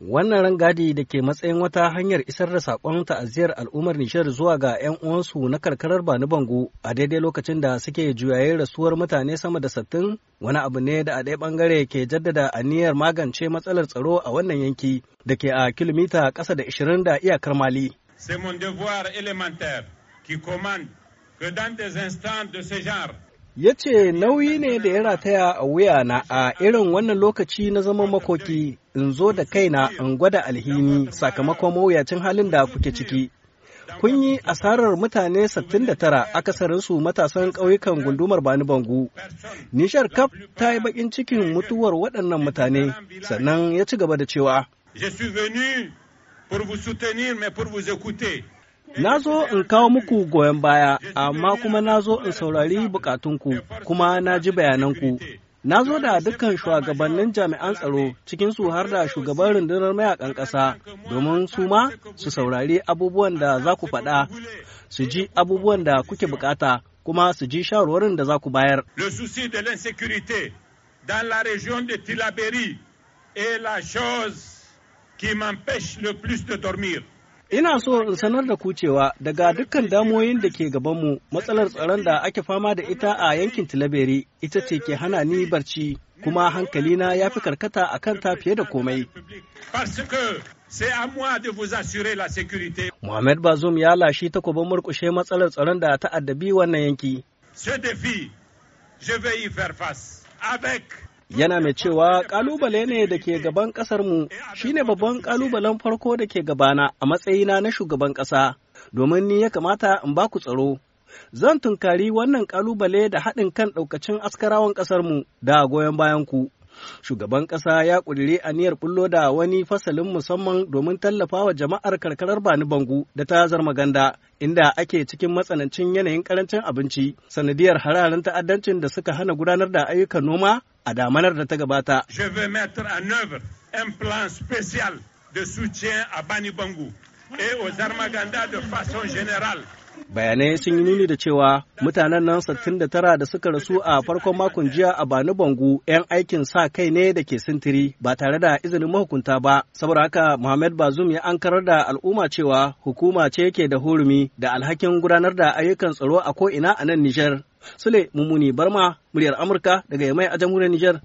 Wannan rangadi da ke matsayin wata hanyar isar da saƙon ta'aziyar al'ummar Nishar zuwa ga 'yan uwansu na karkarar Bani Bango a daidai lokacin da suke juyaye rasuwar mutane sama da sattin wani abu ne da a ɗaya ɓangare ke jaddada aniyar magance matsalar tsaro a wannan yanki da ke a kilomita ƙasa da 20 da iyakar Mali. C'est mon devoir élémentaire qui commande que dans des instants de ce genre, ya ce nauyi ne da ya rataya a wuyana a irin wannan lokaci na zaman makoki in zo da kaina in gwada alhini sakamakon mawuyacin halin da kuke ciki kun yi asarar mutane 69 su matasan ƙauyukan gundumar bani bangu nishar kaf ta yi bakin cikin mutuwar waɗannan mutane sannan ya ci gaba da cewa Je suis venu pour vous soutenir mais Na zo in kawo muku goyon baya, amma kuma na zo in saurari bukatunku, kuma na ji bayananku. Na zo da dukkan shugabannin jami'an tsaro cikin su har da shugaban rundunar mayakan ƙasa domin su ma su saurari abubuwan da za ku faɗa, su ji abubuwan da kuke bukata, kuma su ji shawarwarin da za ku bayar. Le souci de l'insécurité dans la région de Tilaberi est la chose qui m'empêche le plus de dormir. Ina so in sanar da ku cewa daga dukkan damoyin da ke gabanmu matsalar tsaron da ake fama da ita a yankin Tilaberi ita ce ke hana ni barci kuma hankalina ya fi karkata a kan ta fiye da komai. Muhammad Bazoum ya lashi takobin murkushe matsalar tsaron da ta addabi wannan yanki. Ce défi, je yana mai cewa kalubale ne da ke gaban ƙasarmu shine babban kalubalen farko da ke gabana a matsayina na shugaban ƙasa domin ni ya kamata in ba ku tsaro zan tunkari wannan kalubale da haɗin kan ɗaukacin askarawan ƙasarmu da goyon bayan ku shugaban ƙasa ya ƙudiri aniyar bullo da wani fasalin musamman domin tallafawa jama'ar karkarar bani bangu da ta zarmaganda inda ake cikin matsanancin yanayin ƙarancin abinci sanadiyar hararin ta'addancin da suka hana gudanar da ayyukan noma a damanar da ta gabata. Je veux mettre en œuvre un plan spécial de soutien à Bani Bangu et aux Armaganda de façon générale. bayanai sun yi nuni da cewa mutanen nan 69 da suka rasu a farkon makon jiya a bani bangu 'yan aikin sa kai ne da ke sintiri ba tare da izinin mahukunta ba saboda haka muhammad bazum ya ankarar da al'umma cewa hukuma ce ke da hurumi da alhakin gudanar da ayyukan tsaro a ko'ina a nan nijar su le mummuni barma muryar amurka daga yamai a jamhuriyar niger